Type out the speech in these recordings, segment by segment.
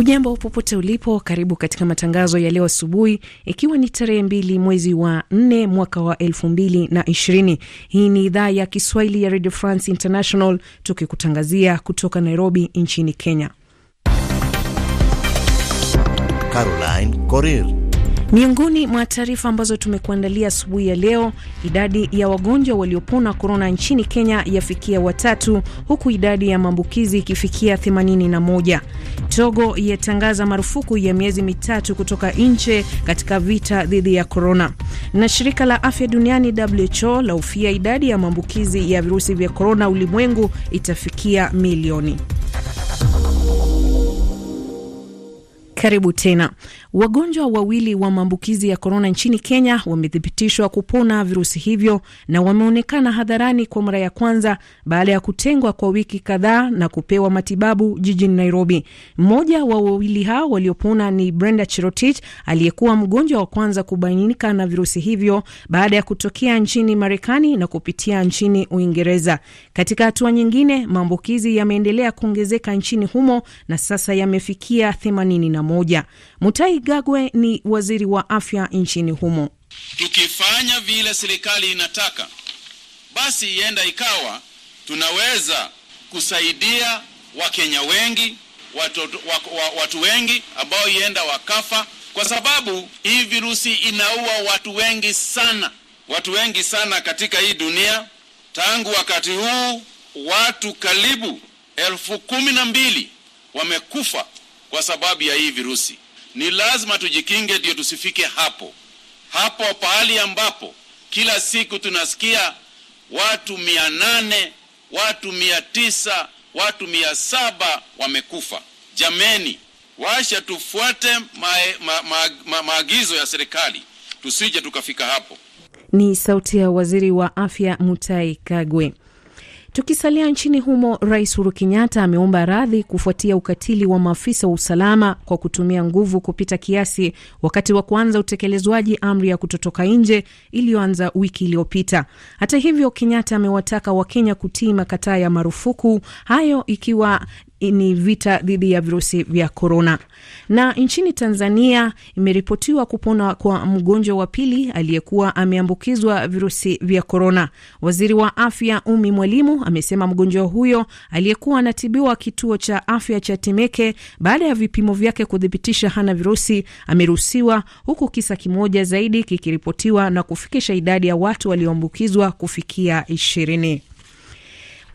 Hujambo popote ulipo, karibu katika matangazo ya leo asubuhi, ikiwa ni tarehe mbili mwezi wa nne mwaka wa elfu mbili na ishirini. Hii ni idhaa ya Kiswahili ya Radio France International tukikutangazia kutoka Nairobi nchini Kenya. Caroline Coril Miongoni mwa taarifa ambazo tumekuandalia asubuhi ya leo, idadi ya wagonjwa waliopona korona nchini Kenya yafikia watatu, huku idadi ya maambukizi ikifikia 81. Togo yatangaza marufuku ya miezi mitatu kutoka nje katika vita dhidi ya korona, na shirika la afya duniani WHO lahofia idadi ya maambukizi ya virusi vya korona ulimwengu itafikia milioni. Karibu tena. Wagonjwa wawili wa maambukizi ya korona nchini Kenya wamethibitishwa kupona virusi hivyo na wameonekana hadharani kwa mara ya kwanza baada ya kutengwa kwa wiki kadhaa na kupewa matibabu jijini Nairobi. Mmoja wa wawili hao waliopona ni Brenda Cherotich aliyekuwa mgonjwa wa kwanza kubainika na virusi hivyo baada ya kutokea nchini Marekani na kupitia nchini Uingereza. Katika hatua nyingine, maambukizi yameendelea kuongezeka nchini humo na sasa yamefikia 81 mutai Gagwe ni waziri wa afya nchini humo. Tukifanya vile serikali inataka, basi ienda ikawa tunaweza kusaidia Wakenya wengi watu, watu wengi ambao ienda wakafa, kwa sababu hii virusi inaua watu wengi sana, watu wengi sana katika hii dunia. Tangu wakati huu watu karibu elfu kumi na mbili wamekufa kwa sababu ya hii virusi. Ni lazima tujikinge, ndio tusifike hapo hapo, pahali ambapo kila siku tunasikia watu mia nane watu mia tisa watu mia saba wamekufa. Jameni, washa tufuate maagizo ma, ma, ma, ma ya serikali, tusije tukafika hapo. Ni sauti ya waziri wa afya mutai Kagwe. Tukisalia nchini humo, Rais Uhuru Kenyatta ameomba radhi kufuatia ukatili wa maafisa wa usalama kwa kutumia nguvu kupita kiasi wakati wa kuanza utekelezwaji amri ya kutotoka nje iliyoanza wiki iliyopita. Hata hivyo, Kenyatta amewataka Wakenya kutii makataa ya marufuku hayo, ikiwa ni vita dhidi ya virusi vya korona. Na nchini Tanzania imeripotiwa kupona kwa mgonjwa wa pili aliyekuwa ameambukizwa virusi vya korona. Waziri wa afya Umi Mwalimu amesema mgonjwa huyo aliyekuwa anatibiwa kituo cha afya cha Temeke baada ya vipimo vyake kuthibitisha hana virusi ameruhusiwa, huku kisa kimoja zaidi kikiripotiwa na kufikisha idadi ya watu walioambukizwa kufikia ishirini.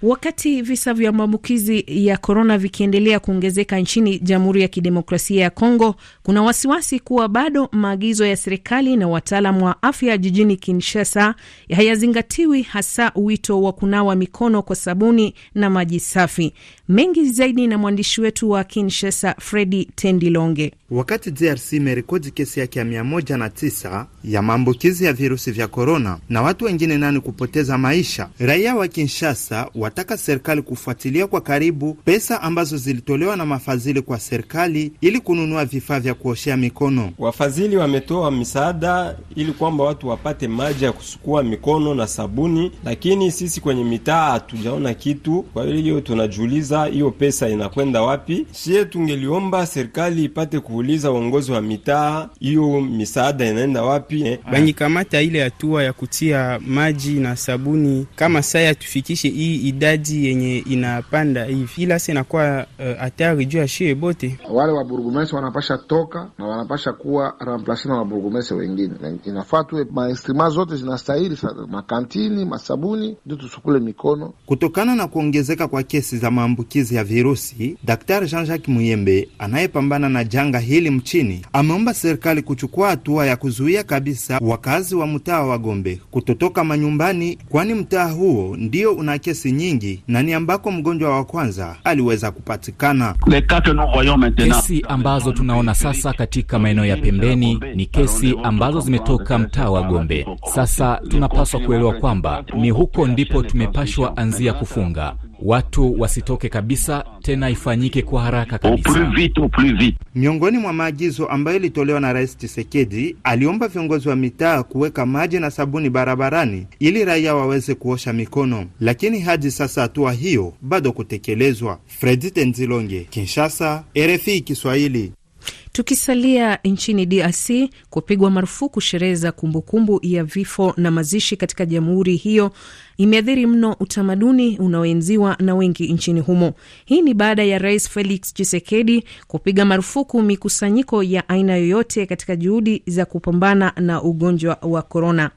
Wakati visa vya maambukizi ya korona vikiendelea kuongezeka nchini Jamhuri ya Kidemokrasia ya Kongo, kuna wasiwasi kuwa bado maagizo ya serikali na wataalam wa afya jijini Kinshasa hayazingatiwi, hasa wito wa kunawa mikono kwa sabuni na maji safi. Mengi zaidi na mwandishi wetu wa Kinshasa, Fredi Tendilonge. Wakati DRC imerekodi kesi yake ya 109 ya maambukizi ya virusi vya korona na watu wengine nani kupoteza maisha, raia wa Kinshasa wa wanataka serikali kufuatilia kwa karibu pesa ambazo zilitolewa na mafadhili kwa serikali ili kununua vifaa vya kuoshea mikono. Wafadhili wametoa misaada ili kwamba watu wapate maji ya kusukua mikono na sabuni, lakini sisi kwenye mitaa hatujaona kitu. Kwa hiyo tunajiuliza hiyo pesa inakwenda wapi? Sie tungeliomba serikali ipate kuuliza uongozi wa mitaa hiyo misaada inaenda wapi eh? Ah. Banyikamata ile hatua ya kutia maji na sabuni kama saa tufikishe hii idadi yenye inapanda hivi, ila si inakuwa eh, hatari uh, juu ya shie bote. Wale burgumese wanapasha toka na wanapasha kuwa ramplase na waburgumese wengine. Inafaa tuwe maestrima zote zinastahili, makantini, masabuni, ndio tusukule mikono. Kutokana na kuongezeka kwa kesi za maambukizi ya virusi, Daktari Jean-Jacques Muyembe anayepambana na janga hili mchini ameomba serikali kuchukua hatua ya kuzuia kabisa wakazi wa mtaa wa Gombe kutotoka manyumbani, kwani mtaa huo ndio una kesi nyingi nyingi na ni ambako mgonjwa wa kwanza aliweza kupatikana. Kesi ambazo tunaona sasa katika maeneo ya pembeni ni kesi ambazo zimetoka mtaa wa Gombe. Sasa tunapaswa kuelewa kwamba ni huko ndipo tumepashwa anzia kufunga watu wasitoke kabisa, tena ifanyike kwa haraka kabisa. Miongoni mwa maagizo ambayo ilitolewa na Rais Tshisekedi, aliomba viongozi wa mitaa kuweka maji na sabuni barabarani ili raia waweze kuosha mikono, lakini hadi sasa hatua hiyo bado kutekelezwa. Fredi Tenzilonge, Kinshasa, RFI Kiswahili. Tukisalia nchini DRC, kupigwa marufuku sherehe za kumbukumbu ya vifo na mazishi katika jamhuri hiyo imeathiri mno utamaduni unaoenziwa na wengi nchini humo. Hii ni baada ya Rais Felix Tshisekedi kupiga marufuku mikusanyiko ya aina yoyote katika juhudi za kupambana na ugonjwa wa korona.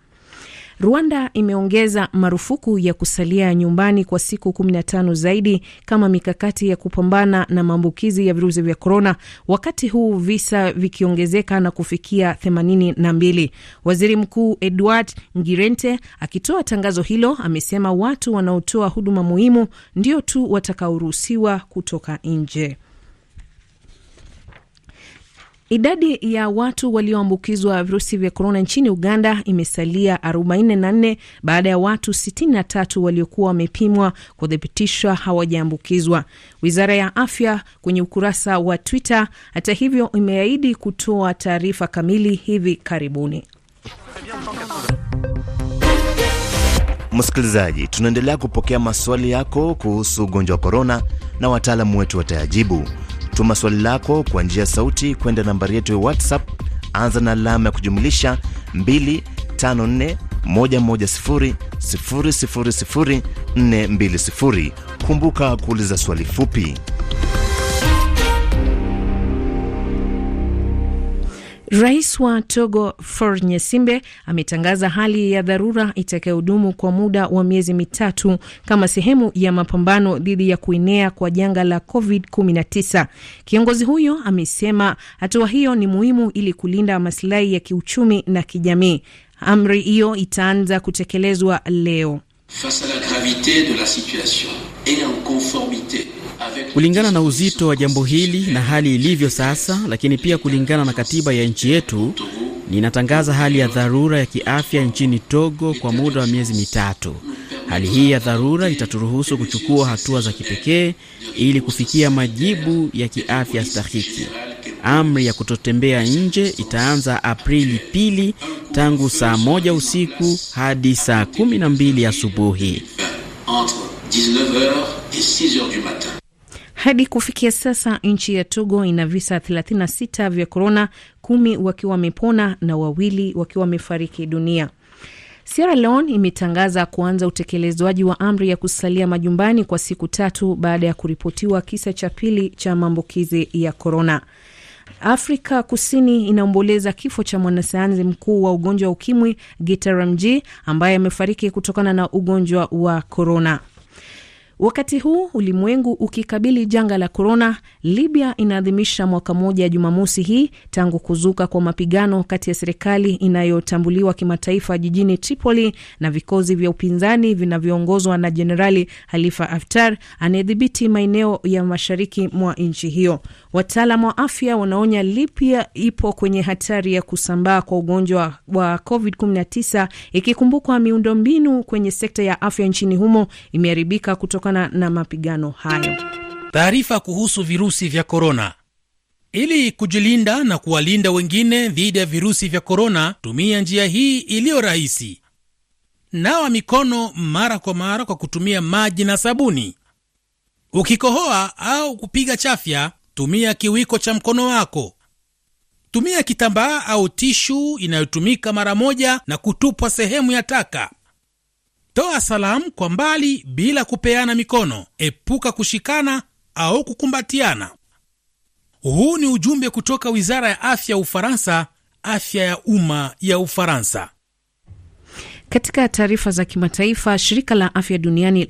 Rwanda imeongeza marufuku ya kusalia nyumbani kwa siku 15 zaidi kama mikakati ya kupambana na maambukizi ya virusi vya korona, wakati huu visa vikiongezeka na kufikia 82. Waziri Mkuu Edward Ngirente akitoa tangazo hilo amesema watu wanaotoa huduma muhimu ndio tu watakaoruhusiwa kutoka nje. Idadi ya watu walioambukizwa virusi vya korona nchini Uganda imesalia 44 baada ya watu 63 waliokuwa wamepimwa kuthibitishwa hawajaambukizwa. Wizara ya afya kwenye ukurasa wa Twitter, hata hivyo, imeahidi kutoa taarifa kamili hivi karibuni. Msikilizaji, tunaendelea kupokea maswali yako kuhusu ugonjwa wa korona na wataalamu wetu watayajibu. Tuma swali lako kwa njia sauti kwenda nambari yetu ya WhatsApp, anza na alama ya kujumlisha 254110000420. Kumbuka kuuliza swali fupi. Rais wa Togo Faure Nyesimbe ametangaza hali ya dharura itakayodumu kwa muda wa miezi mitatu kama sehemu ya mapambano dhidi ya kuenea kwa janga la COVID-19. Kiongozi huyo amesema hatua hiyo ni muhimu ili kulinda masilahi ya kiuchumi na kijamii. Amri hiyo itaanza kutekelezwa leo. Face a la gravite de la situation et en conformite Kulingana na uzito wa jambo hili na hali ilivyo sasa, lakini pia kulingana na katiba ya nchi yetu, ninatangaza hali ya dharura ya kiafya nchini Togo kwa muda wa miezi mitatu. Hali hii ya dharura itaturuhusu kuchukua hatua za kipekee ili kufikia majibu ya kiafya stahiki. Amri ya kutotembea nje itaanza Aprili pili tangu saa moja usiku hadi saa kumi na mbili asubuhi. Hadi kufikia sasa nchi ya Togo ina visa 36 vya korona, kumi wakiwa wamepona na wawili wakiwa wamefariki dunia. Sierra Leone imetangaza kuanza utekelezwaji wa amri ya kusalia majumbani kwa siku tatu baada ya kuripotiwa kisa cha pili cha maambukizi ya korona. Afrika Kusini inaomboleza kifo cha mwanasayansi mkuu wa ugonjwa wa ukimwi Gita ambaye amefariki kutokana na ugonjwa wa korona. Wakati huu ulimwengu ukikabili janga la korona, Libya inaadhimisha mwaka mmoja Jumamosi hii tangu kuzuka kwa mapigano kati ya serikali inayotambuliwa kimataifa jijini Tripoli na vikosi vya upinzani vinavyoongozwa na Jenerali Halifa Haftar anayedhibiti maeneo ya mashariki mwa nchi hiyo. wataalam wa afya wanaonya Libya ipo kwenye hatari ya kusambaa kwa ugonjwa wa COVID-19 ikikumbukwa miundombinu kwenye sekta ya afya nchini humo imeharibika kutoka kutokana na mapigano hayo. Taarifa kuhusu virusi vya korona. Ili kujilinda na kuwalinda wengine dhidi ya virusi vya korona, tumia njia hii iliyo rahisi: nawa mikono mara kwa mara kwa kutumia maji na sabuni. Ukikohoa au kupiga chafya, tumia kiwiko cha mkono wako. Tumia kitambaa au tishu inayotumika mara moja na kutupwa sehemu ya taka toa salamu kwa mbali bila kupeana mikono, epuka kushikana au kukumbatiana. Huu ni ujumbe kutoka wizara ya afya ya Ufaransa, afya ya umma ya Ufaransa. Katika taarifa za kimataifa, shirika la afya duniani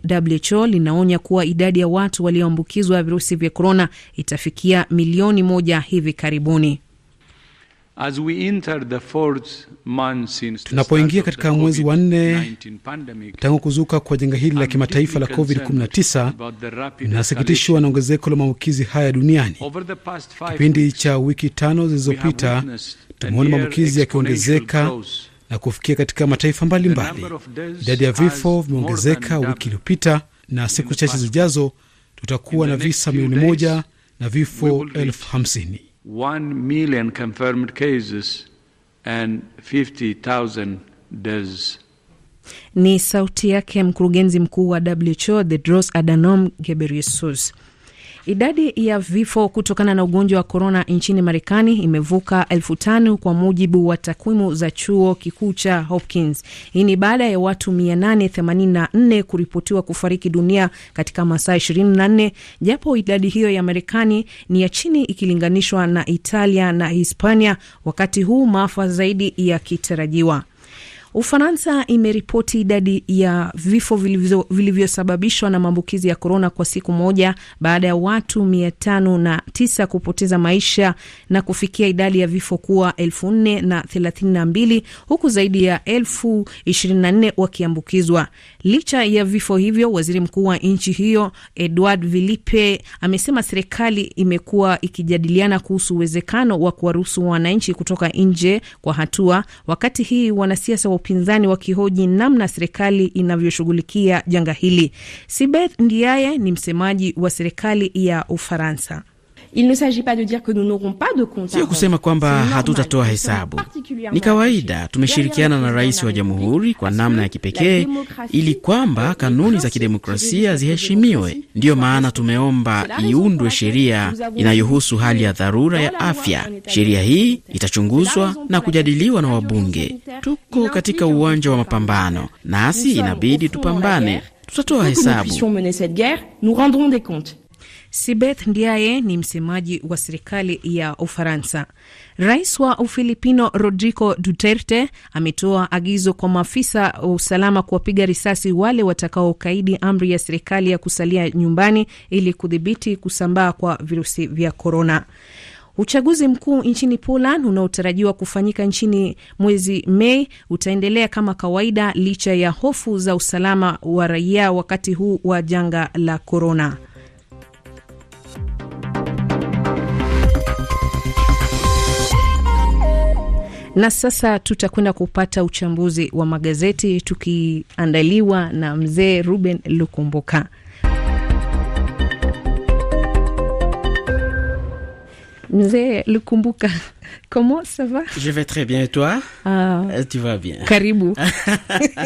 WHO linaonya kuwa idadi ya watu walioambukizwa virusi vya korona itafikia milioni moja hivi karibuni. Tunapoingia katika mwezi wa nne tangu kuzuka kwa janga hili la kimataifa la COVID-19, nasikitishwa na ongezeko la maambukizi haya duniani. Kipindi cha wiki tano zilizopita, tumeona maambukizi yakiongezeka na kufikia katika mataifa mbalimbali. Idadi ya vifo vimeongezeka wiki iliyopita, na siku chache zijazo tutakuwa na visa milioni moja na vifo elfu hamsini. 1 million confirmed cases and 50,000 deaths. Ni sauti yake mkurugenzi mkuu wa WHO Tedros Adhanom Ghebreyesus. Idadi ya vifo kutokana na ugonjwa wa korona nchini Marekani imevuka elfu tano kwa mujibu wa takwimu za chuo kikuu cha Hopkins. Hii ni baada ya watu 884 kuripotiwa kufariki dunia katika masaa 24, japo idadi hiyo ya Marekani ni ya chini ikilinganishwa na Italia na Hispania, wakati huu maafa zaidi yakitarajiwa. Ufaransa imeripoti idadi ya vifo vilivyosababishwa na maambukizi ya korona kwa siku moja baada ya watu mia tano na tisa kupoteza maisha na kufikia idadi ya vifo kuwa elfu nne na thelathini na mbili huku zaidi ya elfu ishirini na nne wakiambukizwa. Licha ya vifo hivyo, waziri mkuu wa nchi hiyo Edward Vilipe amesema serikali imekuwa ikijadiliana kuhusu uwezekano wa kuwaruhusu wananchi kutoka nje kwa hatua, wakati hii wanasiasa wa upinzani wakihoji namna serikali inavyoshughulikia janga hili. Sibeth Ndiaye ni msemaji wa serikali ya Ufaransa. Il ne s'agit pas de dire que nous n'aurons pas de compte. Sio kusema kwamba hatutatoa hesabu. Ni kawaida, tumeshirikiana na rais wa jamhuri kwa namna ya kipekee ili kwamba kanuni za kidemokrasia ziheshimiwe. Ndiyo maana tumeomba iundwe sheria inayohusu hali ya dharura ya afya. Sheria hii itachunguzwa na kujadiliwa na wabunge. Tuko katika uwanja wa mapambano, nasi inabidi tupambane. Tutatoa hesabu. Sibeth Ndiaye ni msemaji wa serikali ya Ufaransa. Rais wa Ufilipino Rodrigo Duterte ametoa agizo kwa maafisa wa usalama kuwapiga risasi wale watakaokaidi amri ya serikali ya kusalia nyumbani ili kudhibiti kusambaa kwa virusi vya korona. Uchaguzi mkuu nchini Poland unaotarajiwa kufanyika nchini mwezi Mei utaendelea kama kawaida licha ya hofu za usalama wa raia wakati huu wa janga la korona. Na sasa tutakwenda kupata uchambuzi wa magazeti tukiandaliwa na mzee Ruben Lukumbuka. Mzee Lukumbuka, comment ça va? Je vais très bien et toi? Ah, euh, tu vas bien? Karibu.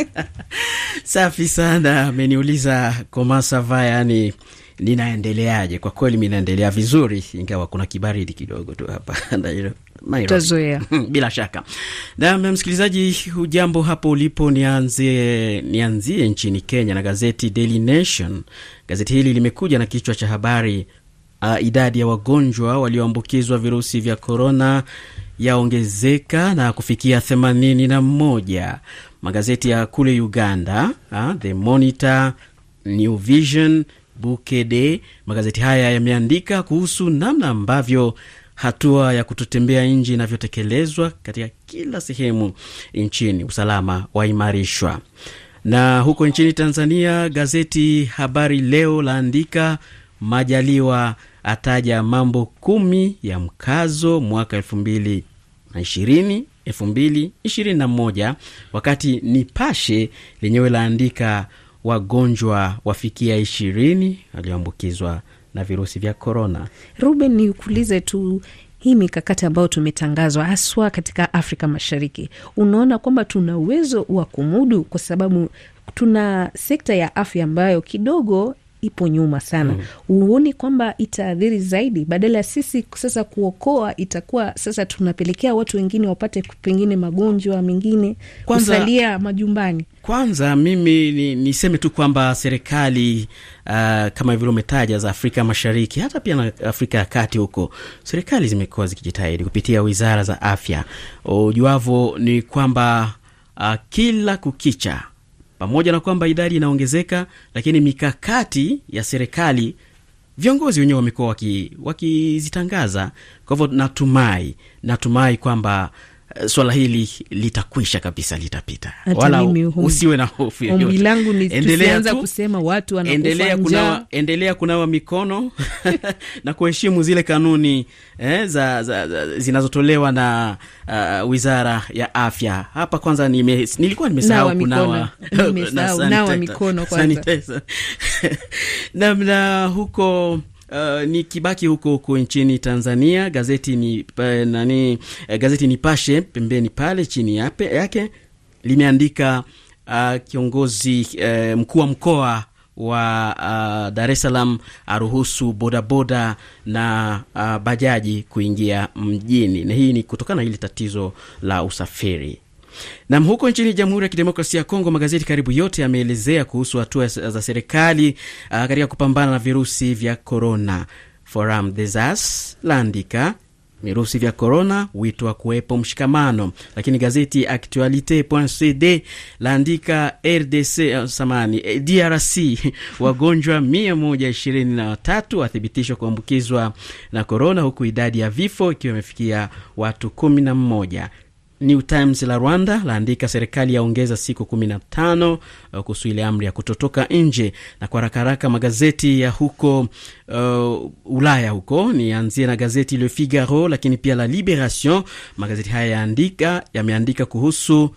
Safi sana, ameniuliza comment ça va, yani ninaendeleaje? Kwa kweli mi naendelea vizuri, ingawa kuna kibaridi kidogo tu hapa tutazoea Bila shaka. Na msikilizaji, hujambo hapo ulipo? Nianzie, nianzie nchini Kenya na gazeti Daily Nation. Gazeti hili limekuja na kichwa cha habari uh, idadi ya wagonjwa walioambukizwa virusi vya korona yaongezeka na kufikia themanini na moja. Magazeti ya kule Uganda uh, The Monitor, New Vision, Bukede, magazeti haya yameandika kuhusu namna ambavyo hatua ya kutotembea nje inavyotekelezwa katika kila sehemu nchini, usalama waimarishwa. Na huko nchini Tanzania, gazeti Habari Leo laandika Majaliwa ataja mambo kumi ya mkazo mwaka elfu mbili na ishirini elfu mbili ishirini na moja wakati Nipashe lenyewe laandika wagonjwa wafikia ishirini walioambukizwa na virusi vya korona. Ruben, nikuulize tu hii mikakati ambayo tumetangazwa haswa katika Afrika Mashariki, unaona kwamba tuna uwezo wa kumudu? Kwa sababu tuna sekta ya afya ambayo kidogo ipo nyuma sana mm. Uoni kwamba itaadhiri zaidi, badala ya sisi sasa kuokoa, itakuwa sasa tunapelekea watu wengine wapate pengine magonjwa mengine, kusalia majumbani. Kwanza mimi niseme ni tu kwamba serikali uh, kama vile umetaja za Afrika Mashariki hata pia na Afrika ya Kati huko, serikali zimekuwa zikijitahidi kupitia wizara za afya. ujuavo ni kwamba uh, kila kukicha pamoja na kwamba idadi inaongezeka, lakini mikakati ya serikali viongozi wenyewe wamekuwa wakizitangaza waki. Kwa hivyo natumai natumai kwamba Eh, swala hili litakwisha kabisa, litapita, wala usiwe na hofu yoyote. kusema watu wanakufa endelea kunawa mikono na kuheshimu zile kanuni eh, za, za, za, zinazotolewa na uh, wizara ya afya. Hapa kwanza nime, nilikuwa nimesahau kunawa mikono kwanza namna huko Uh, ni kibaki huko huko nchini Tanzania, gazeti ni pa, eh, nani, eh, gazeti Nipashe pembeni pale chini yape, yake limeandika uh, kiongozi uh, mkuu wa mkoa wa uh, Dar es Salaam aruhusu bodaboda na uh, bajaji kuingia mjini, na hii ni kutokana na hili tatizo la usafiri. Nam, huko nchini Jamhuri ya Kidemokrasia ya Kongo, magazeti karibu yote yameelezea kuhusu hatua za serikali uh, katika kupambana na virusi vya korona. Forum des As laandika virusi vya korona, wito wa kuwepo mshikamano. Lakini gazeti Actualite.cd laandika RDC uh, eh, samani eh, DRC wagonjwa 123 wathibitishwa kuambukizwa na korona, huku idadi ya vifo ikiwa imefikia watu 11. New Times la Rwanda laandika serikali yaongeza siku 15 uh, kuhusu ile amri ya kutotoka nje. Na kwa haraka haraka magazeti ya huko uh, Ulaya huko nianzie na gazeti Le Figaro, lakini pia la Liberation. Magazeti haya yaandika yameandika kuhusu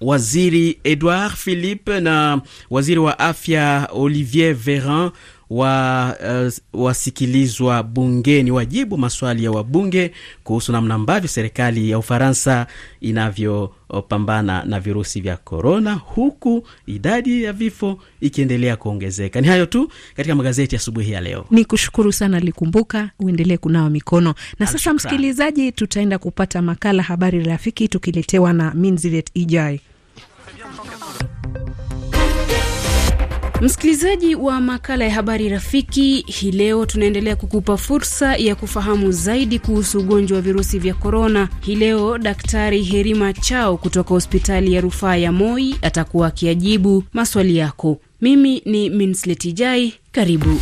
waziri Edouard Philippe na waziri wa afya Olivier Veran wa, uh, wasikilizwa bungeni wajibu maswali ya wabunge kuhusu namna ambavyo serikali ya Ufaransa inavyopambana na virusi vya korona, huku idadi ya vifo ikiendelea kuongezeka. Ni hayo tu katika magazeti asubuhi ya, ya leo. Ni kushukuru sana Likumbuka, uendelee kunawa mikono na sasa. Msikilizaji, tutaenda kupata makala habari rafiki tukiletewa na Minzilet Ijai. Msikilizaji wa makala ya habari rafiki, hii leo tunaendelea kukupa fursa ya kufahamu zaidi kuhusu ugonjwa wa virusi vya korona. Hii leo Daktari Herima Chao kutoka hospitali ya rufaa ya Moi atakuwa akiajibu maswali yako. Mimi ni Minsletijai, karibu.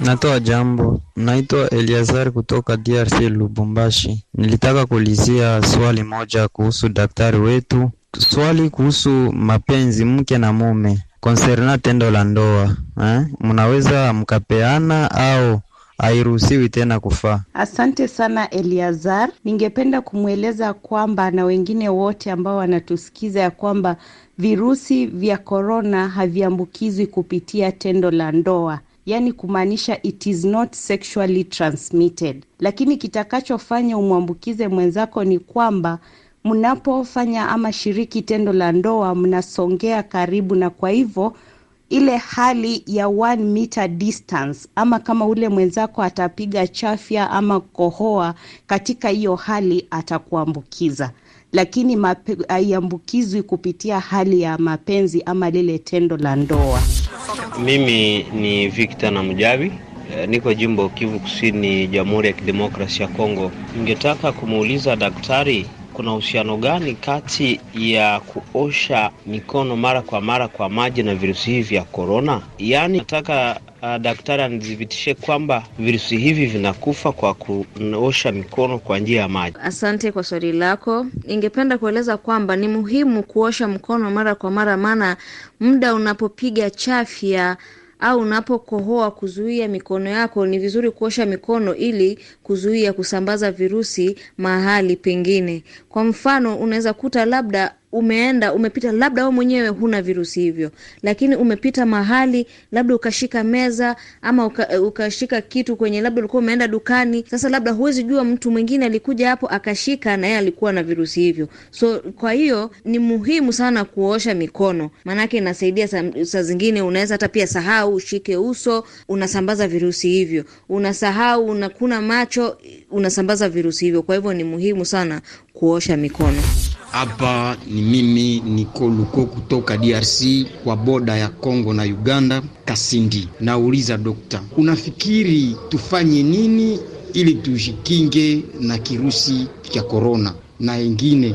Natoa jambo, naitwa Eliazar kutoka DRC Lubumbashi. Nilitaka kuulizia swali moja kuhusu daktari wetu, swali kuhusu mapenzi mke na mume konserna tendo la ndoa eh, mnaweza mkapeana au hairuhusiwi tena kufaa. Asante sana Eliazar, ningependa kumweleza kwamba na wengine wote ambao wanatusikiza ya kwamba virusi vya korona haviambukizwi kupitia tendo la ndoa, yaani kumaanisha it is not sexually transmitted, lakini kitakachofanya umwambukize mwenzako ni kwamba mnapofanya ama shiriki tendo la ndoa mnasongea karibu, na kwa hivyo ile hali ya one meter distance ama kama ule mwenzako atapiga chafya ama kohoa, katika hiyo hali atakuambukiza, lakini haiambukizwi kupitia hali ya mapenzi ama lile tendo la ndoa. Mimi ni victa na Mjavi, eh, niko jimbo Kivu Kusini, Jamhuri ya kidemokrasi ya congo Ningetaka kumuuliza daktari kuna uhusiano gani kati ya kuosha mikono mara kwa mara kwa maji na virusi hivi vya korona? Yaani nataka Uh, daktari anithibitishe kwamba virusi hivi vinakufa kwa kuosha mikono kwa njia ya maji. Asante kwa swali lako. Ningependa kueleza kwamba ni muhimu kuosha mkono mara kwa mara, maana muda unapopiga chafya au unapokohoa kuzuia mikono yako, ni vizuri kuosha mikono ili kuzuia kusambaza virusi mahali pengine. Kwa mfano, unaweza kuta labda umeenda umepita, labda wewe mwenyewe huna virusi hivyo, lakini umepita mahali, labda ukashika meza ama uka, ukashika kitu kwenye, labda ulikuwa umeenda dukani. Sasa labda huwezi jua mtu mwingine alikuja hapo akashika, na yeye alikuwa na virusi hivyo. So kwa hiyo ni muhimu sana kuosha mikono, maanake inasaidia. Saa sa zingine unaweza hata pia sahau ushike uso, unasambaza virusi hivyo, unasahau unakuna macho, unasambaza virusi hivyo. Kwa hivyo ni muhimu sana kuosha mikono. Hapa ni mimi niko Luko kutoka DRC kwa boda ya Kongo na Uganda, Kasindi. Nauliza dokta, unafikiri tufanye nini ili tujikinge na kirusi cha korona? Na ingine,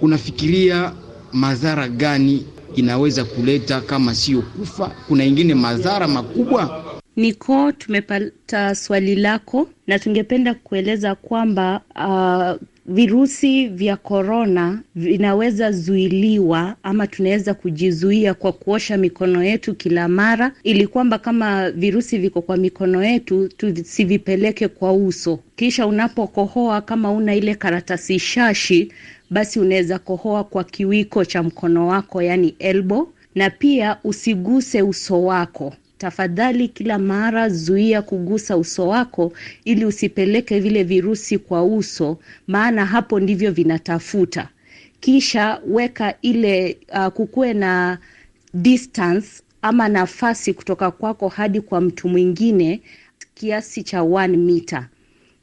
unafikiria madhara gani inaweza kuleta kama sio kufa? Kuna ingine madhara makubwa? Niko, tumepata swali lako na tungependa kueleza kwamba uh, virusi vya korona vinaweza zuiliwa ama tunaweza kujizuia kwa kuosha mikono yetu kila mara, ili kwamba kama virusi viko kwa mikono yetu tusivipeleke kwa uso. Kisha unapokohoa, kama una ile karatasi shashi, basi unaweza kohoa kwa kiwiko cha mkono wako, yaani elbo na pia usiguse uso wako. Tafadhali kila mara zuia kugusa uso wako ili usipeleke vile virusi kwa uso, maana hapo ndivyo vinatafuta. Kisha weka ile uh, ah, kukuwe na distance ama nafasi kutoka kwako hadi kwa mtu mwingine kiasi cha 1 meter.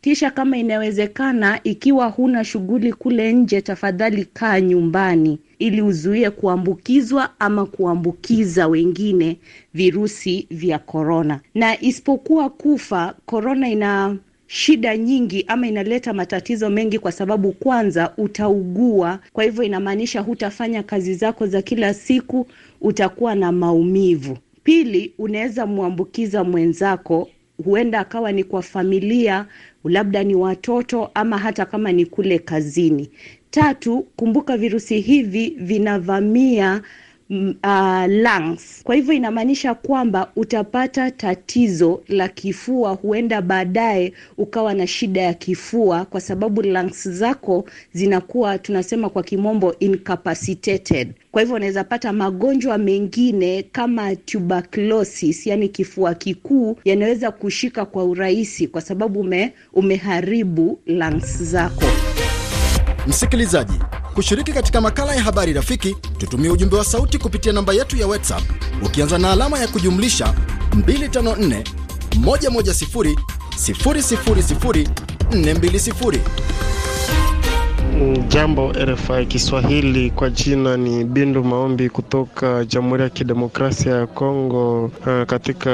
Kisha kama inawezekana, ikiwa huna shughuli kule nje, tafadhali kaa nyumbani ili uzuie kuambukizwa ama kuambukiza wengine virusi vya korona. Na isipokuwa kufa, korona ina shida nyingi ama inaleta matatizo mengi, kwa sababu kwanza utaugua, kwa hivyo inamaanisha hutafanya kazi zako za kila siku, utakuwa na maumivu. Pili, unaweza mwambukiza mwenzako, huenda akawa ni kwa familia, labda ni watoto ama hata kama ni kule kazini. Tatu, kumbuka virusi hivi vinavamia mm, Uh, lungs. Kwa hivyo inamaanisha kwamba utapata tatizo la kifua, huenda baadaye ukawa na shida ya kifua kwa sababu lungs zako zinakuwa, tunasema kwa kimombo, incapacitated. Kwa hivyo unaweza pata magonjwa mengine kama tuberculosis, yani kifua kikuu, yanaweza kushika kwa urahisi kwa sababu ume, umeharibu lungs zako. Msikilizaji, kushiriki katika makala ya habari rafiki, tutumie ujumbe wa sauti kupitia namba yetu ya WhatsApp ukianza na alama ya kujumlisha 254 110 000 420. Jambo RFI Kiswahili, kwa jina ni Bindu Maombi kutoka Jamhuri ya Kidemokrasia ya Kongo, eh, katika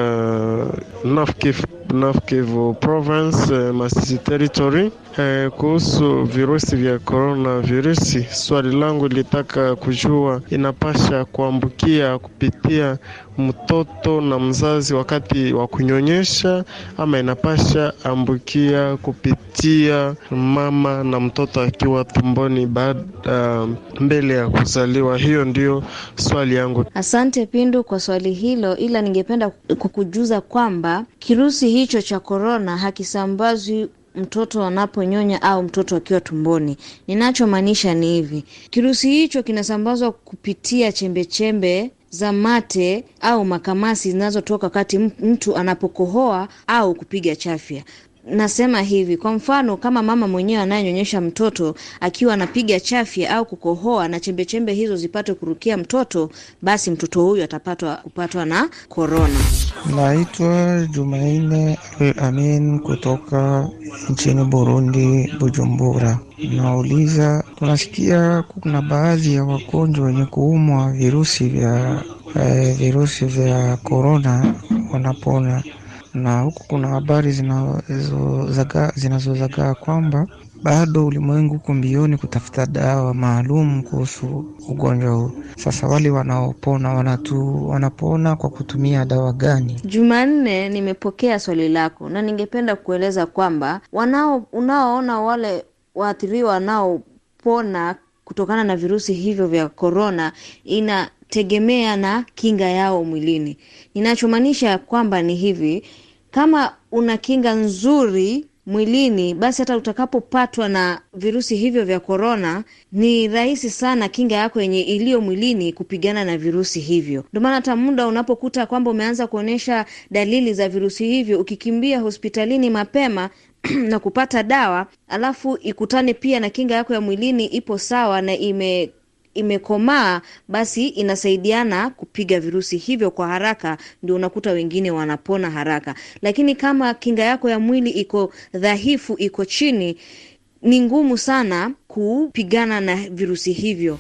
North Kivu North Kivu province, eh, Masisi territory. Eh, kuhusu virusi vya corona virusi, swali langu ilitaka kujua inapasha kuambukia kupitia mtoto na mzazi wakati wa kunyonyesha ama inapasha ambukia kupitia mama na mtoto akiwa tumboni baada mbele ya kuzaliwa? Hiyo ndio swali yangu. Asante Pindu kwa swali hilo, ila ningependa kukujuza kwamba kirusi hii hicho cha korona hakisambazwi mtoto anaponyonya au mtoto akiwa tumboni. Ninachomaanisha ni hivi, kirusi hicho kinasambazwa kupitia chembechembe -chembe za mate au makamasi zinazotoka wakati mtu anapokohoa au kupiga chafya. Nasema hivi kwa mfano, kama mama mwenyewe anayenyonyesha mtoto akiwa anapiga chafya au kukohoa na chembechembe hizo zipate kurukia mtoto, basi mtoto huyu atapatwa kupatwa na korona. Naitwa Jumaine Amin kutoka nchini Burundi, Bujumbura. Nauliza, tunasikia kuna baadhi ya wagonjwa wenye kuumwa virusi vya eh, virusi vya korona wanapona na huku kuna habari zinazozagaa kwamba bado ulimwengu huko mbioni kutafuta dawa maalum kuhusu ugonjwa huu. Sasa wale wanaopona wanatu, wanapona kwa kutumia dawa gani? Jumanne, nimepokea swali lako na ningependa kueleza kwamba wanao unaoona wale waathiriwa wanaopona kutokana na virusi hivyo vya korona inategemea na kinga yao mwilini inachomaanisha kwamba ni hivi, kama una kinga nzuri mwilini, basi hata utakapopatwa na virusi hivyo vya korona, ni rahisi sana kinga yako yenye iliyo mwilini kupigana na virusi hivyo. Ndio maana hata muda unapokuta kwamba umeanza kuonyesha dalili za virusi hivyo, ukikimbia hospitalini mapema na kupata dawa, alafu ikutane pia na kinga yako ya mwilini ipo sawa na ime imekomaa basi inasaidiana kupiga virusi hivyo kwa haraka, ndio unakuta wengine wanapona haraka. Lakini kama kinga yako ya mwili iko dhaifu, iko chini, ni ngumu sana kupigana na virusi hivyo.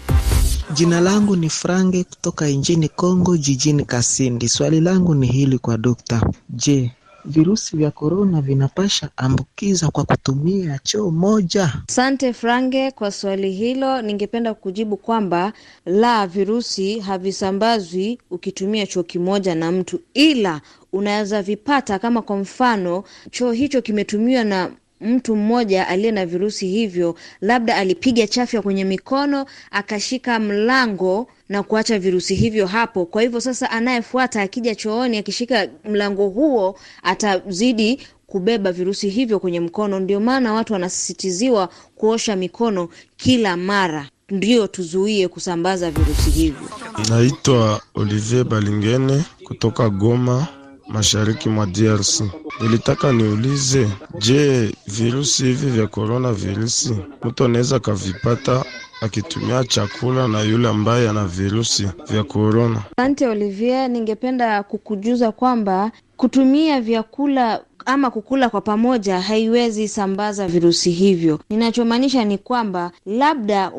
Jina langu ni Frange kutoka nchini Kongo, jijini Kasindi. Swali langu ni hili kwa dokta: je, virusi vya korona vinapasha ambukiza kwa kutumia choo moja? Asante Frange kwa swali hilo. Ningependa kujibu kwamba la, virusi havisambazwi ukitumia choo kimoja na mtu, ila unaweza vipata kama kwa mfano choo hicho kimetumiwa na Mtu mmoja aliye na virusi hivyo labda alipiga chafya kwenye mikono akashika mlango na kuacha virusi hivyo hapo. Kwa hivyo sasa, anayefuata akija chooni akishika mlango huo atazidi kubeba virusi hivyo kwenye mkono. Ndio maana watu wanasisitiziwa kuosha mikono kila mara, ndio tuzuie kusambaza virusi hivyo. Naitwa Olivier Balingene kutoka Goma mashariki mwa DRC. Nilitaka niulize, je, virusi hivi vya korona virusi mtu anaweza akavipata akitumia chakula na yule ambaye ana virusi vya korona? Asante Olivier, ningependa kukujuza kwamba kutumia vyakula ama kukula kwa pamoja haiwezi sambaza virusi hivyo. Ninachomaanisha ni kwamba labda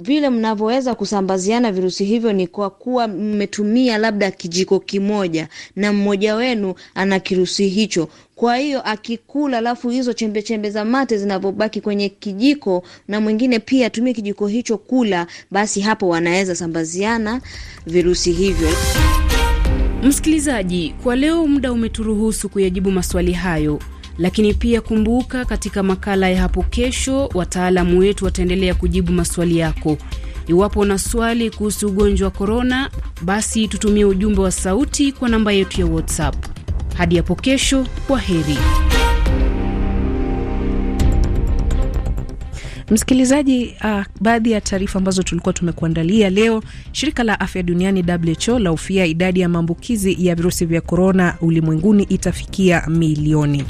vile mnavyoweza kusambaziana virusi hivyo ni kwa kuwa mmetumia labda kijiko kimoja na mmoja wenu ana kirusi hicho. Kwa hiyo akikula, alafu hizo chembe chembe za mate zinavyobaki kwenye kijiko na mwingine pia atumie kijiko hicho kula, basi hapo wanaweza sambaziana virusi hivyo. Msikilizaji, kwa leo muda umeturuhusu kuyajibu maswali hayo. Lakini pia kumbuka, katika makala ya hapo kesho, wataalamu wetu wataendelea kujibu maswali yako. Iwapo una swali kuhusu ugonjwa wa korona, basi tutumie ujumbe wa sauti kwa namba yetu ya WhatsApp. Hadi hapo kesho, kwa heri. Msikilizaji, uh, baadhi ya taarifa ambazo tulikuwa tumekuandalia leo. Shirika la afya duniani WHO lahofia idadi ya maambukizi ya virusi vya korona ulimwenguni itafikia milioni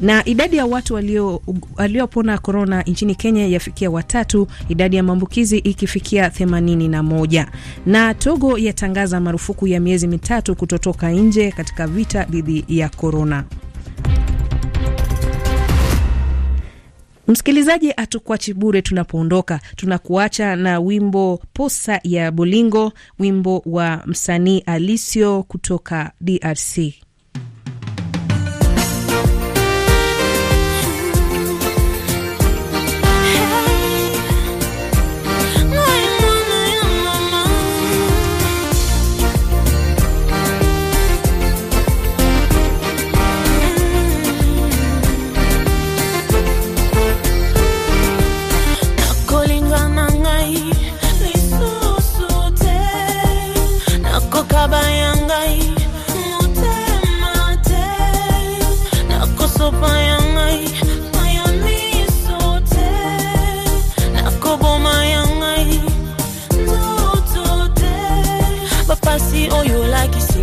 na idadi ya watu waliopona walio korona nchini Kenya yafikia watatu, idadi ya maambukizi ikifikia 81. Na Togo yatangaza marufuku ya miezi mitatu kutotoka nje katika vita dhidi ya korona. Msikilizaji, hatukuachi bure tunapoondoka. Tunakuacha na wimbo Posa ya Bolingo, wimbo wa msanii Alisio kutoka DRC. I see all oh, you like is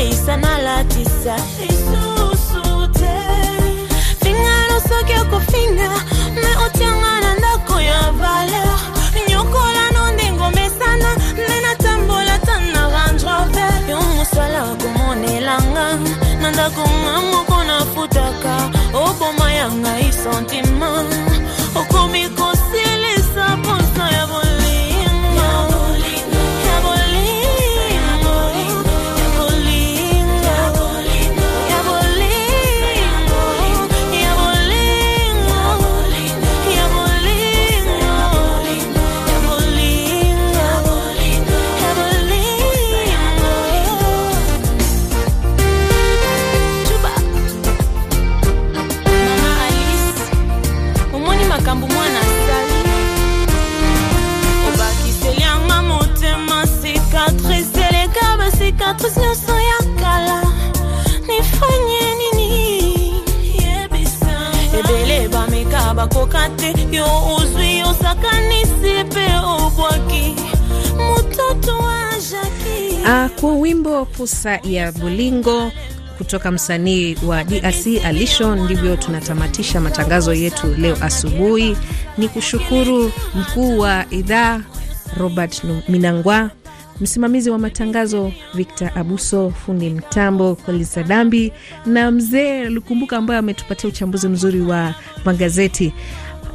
tisa na la tisa lisusu te finga soki okofinga me otianga na ndako ya valer nyokolano ndenge omesana me natambola ta na range rover yo mosala komonelanga na ndako nga moko nafutaka oboma ya ngai sentima kwa wimbo Pusa ya bulingo kutoka msanii wa DRC Alisho. Ndivyo tunatamatisha matangazo yetu leo asubuhi. Ni kushukuru mkuu wa idhaa Robert Minangwa, msimamizi wa matangazo Victor Abuso, fundi mtambo Kolisa Dambi na mzee Lukumbuka ambaye ametupatia uchambuzi mzuri wa magazeti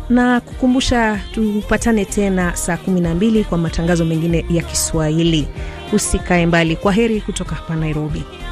na kukumbusha tupatane tena saa 12 kwa matangazo mengine ya Kiswahili. Usikae mbali. Kwa heri kutoka hapa Nairobi.